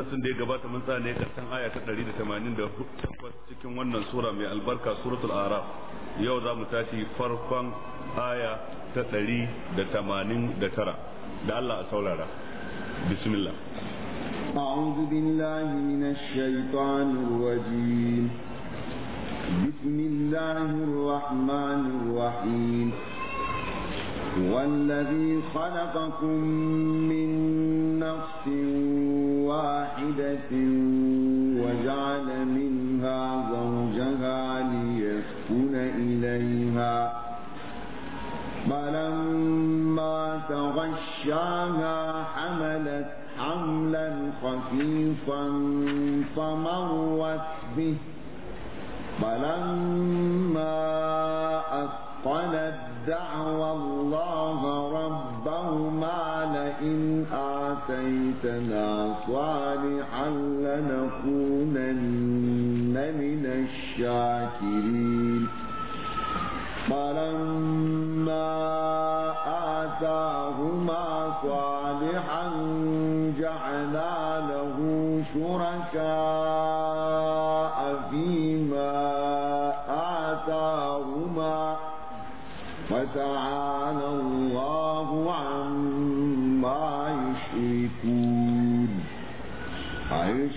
darasin da ya gabata mun tsaya ne karshen aya ta 188 cikin wannan sura mai albarka suratul araf yau za mu tashi farkon aya ta 189 da Allah a saurara bismillah أعوذ بالله من الشيطان الرجيم بسم الله الرحمن الرحيم والذي خلقكم من نفس واحدة وجعل منها زوجها ليسكن إليها فلما تغشاها حملت حملا خفيفا فمرت به فلما أثقلت دعوى آتيتنا صالحا لنكونن من الشاكرين فلما آتاهما صالحا جعلا له شركاء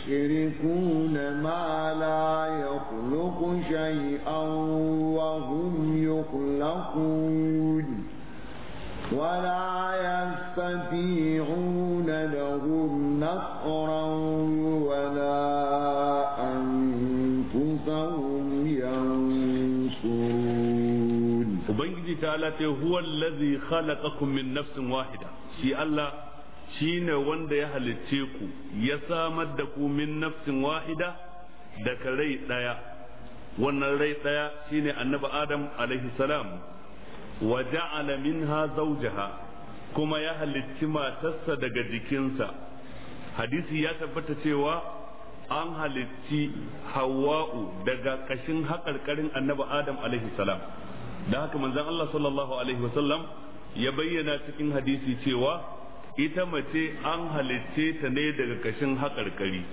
يشركون ما لا يخلق شيئا وهم يخلقون ولا يستطيعون لهم نصرا ولا أنفسهم ينصرون وبين تعالى هو الذي خلقكم من نفس واحدة في الله shine wanda ya halicce ku ya samar da ku min nafsin wahida daga rai ɗaya. wannan rai shi shine annabi adam alaihi salam wa ja'ala minha zawjaha kuma ya halicci matarsa daga jikinsa hadisi ya tabbata cewa an halicci hawa'u daga kashin haƙarƙarin annabi adam alaihi salam da haka manzon Allah sallallahu alaihi wasallam ya bayyana cikin hadisi cewa ita mace an halicce ta ne daga kashin haƙarƙari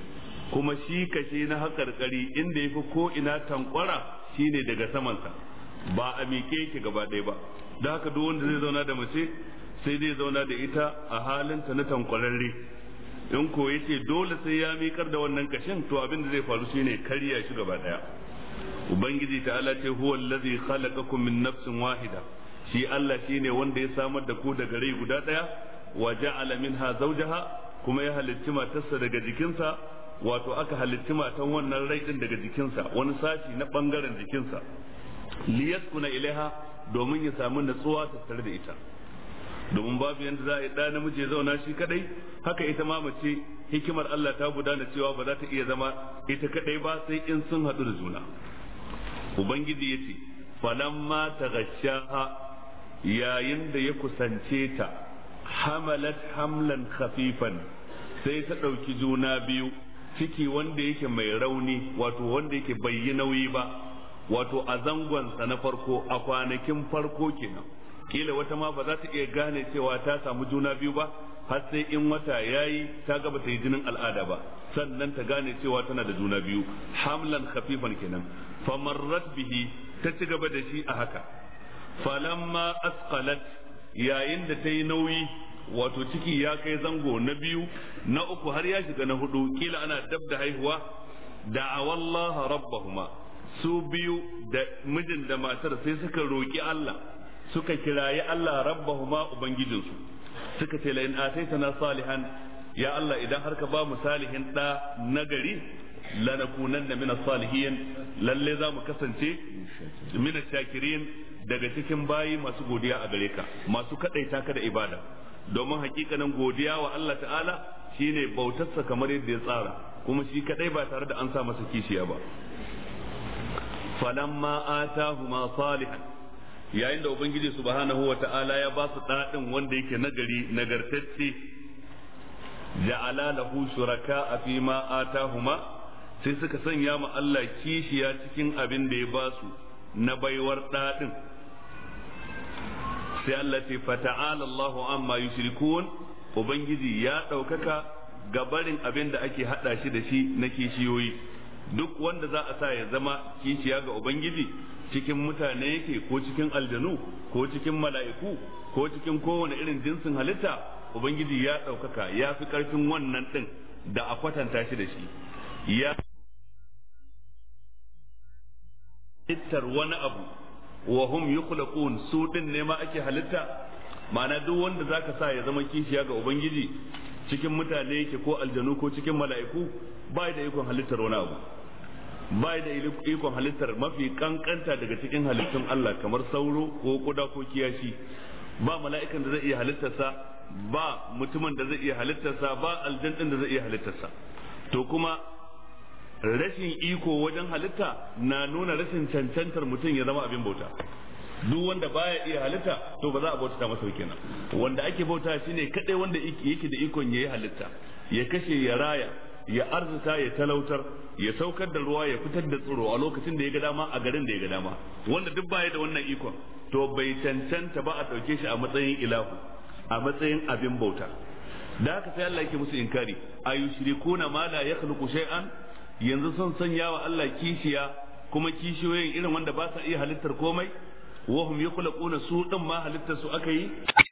kuma shi kashe na haƙarƙari inda ya fi ko ina tankwara shine daga samansa ba a miƙe ki gaba ɗaya ba da haka duk wanda zai zauna da mace sai zai zauna da ita a halinta na tankwararre in ko yace dole sai ya mikar da wannan kashin to abin da zai faru shine karya shi gaba ɗaya ubangiji ta Ala ce huwa allazi khalaqakum min nafsin wahida shi Allah shine wanda ya samar da ku daga rai guda ɗaya wa ja'ala minha zawjaha kuma ya halitti matarsa daga jikinsa wato aka halitti matan wannan rai din daga jikinsa wani sashi na bangaren jikinsa liyaskuna ilaiha domin ya samu natsuwa tattare da ita domin babu yanda za a yi ɗa namiji ya zauna shi kadai haka ita ma mace hikimar Allah ta gudana cewa ba za ta iya zama ita kadai ba sai in sun hadu da juna ubangiji ya ce falamma ta yayin da ya kusance ta hamalat hamlan khafifan sai ta ɗauki juna biyu ciki wanda yake mai rauni wato wanda yake bai yi nauyi ba wato a zangonsa na farko a kwanakin farko kenan kila wata ma ba za ta iya gane cewa ta samu juna biyu ba har sai in wata yayi ta gaba ta yi jinin al'ada ba sannan ta gane cewa tana da juna biyu hamlan khafifan kenan famarrat bihi ta ci gaba da shi a haka falamma asqalat yayin da ta yi nauyi wato ciki ya kai zango na biyu na uku har ya shiga na hudu kila ana dab da haihuwa da awallaha rabbahuma su biyu da mijin da matar sai suka roki Allah suka kirayi Allah rabbahuma ubangijinsu suka ce la in ataitana salihan ya Allah idan har ka ba mu salihin da nagari lanakunanna min salihin lalle za mu kasance min shakirin daga cikin bayi masu godiya a gare ka masu kadaita ka da ibada domin hakikanin godiya wa Allah ta'ala shine bautarsa kamar yadda ya tsara kuma shi kadai ba tare da an sa masa kishiya ba falamma atahuma salih yayin da ubangiji subhanahu wa ta'ala ya ba su dadin wanda yake nagari nagartacce ja'ala lahu shuraka fi ma atahuma sai suka sanya ma Allah kishiya cikin abin da ya ba su na baiwar dadin sai Allah ce fata'ala Allah amma yushrikun ubangiji ya ɗaukaka gabarin abin da ake hada shi da shi na kishiyoyi duk wanda za a sa ya zama kishiya ga ubangiji cikin mutane yake ko cikin aljanu ko cikin mala'iku ko cikin kowane irin jinsin halitta ubangiji ya ɗaukaka ya fi karfin wannan din da a kwatanta shi da shi ya wani abu wa hum yukhlaqun su din ne ma ake halitta ma'ana duk wanda zaka sa ya zama kishiya ga ubangiji cikin mutane yake ko aljanu ko cikin mala'iku ba da ikon halittar wani abu ba da ikon halittar mafi kankanta daga cikin halittun Allah kamar sauro ko kuda ko kiyashi ba mala'ikan da zai iya halittarsa ba mutumin da zai iya halittarsa ba aljan da zai iya halittarsa to kuma rashin iko wajen halitta na nuna rashin cancantar mutum ya zama abin bauta duk wanda baya iya halitta to ba za a bauta masa kenan wanda ake bauta shine kadai wanda yake da ikon yayi halitta ya kashe ya raya ya arzuta ya talautar ya saukar da ruwa ya fitar da tsoro a lokacin da ya ga dama a garin da ya ga dama wanda duk baya da wannan ikon to bai cancanta ba a dauke shi a matsayin ilahu a matsayin abin bauta da haka sai Allah yake musu inkari ayushrikuna ma la yakhluqu shay'an yanzu sun sanya wa Allah kishiya kuma kishiyoyin irin wanda ba sa iya halittar komai wahum yukhlaquna su din ma halittar su aka yi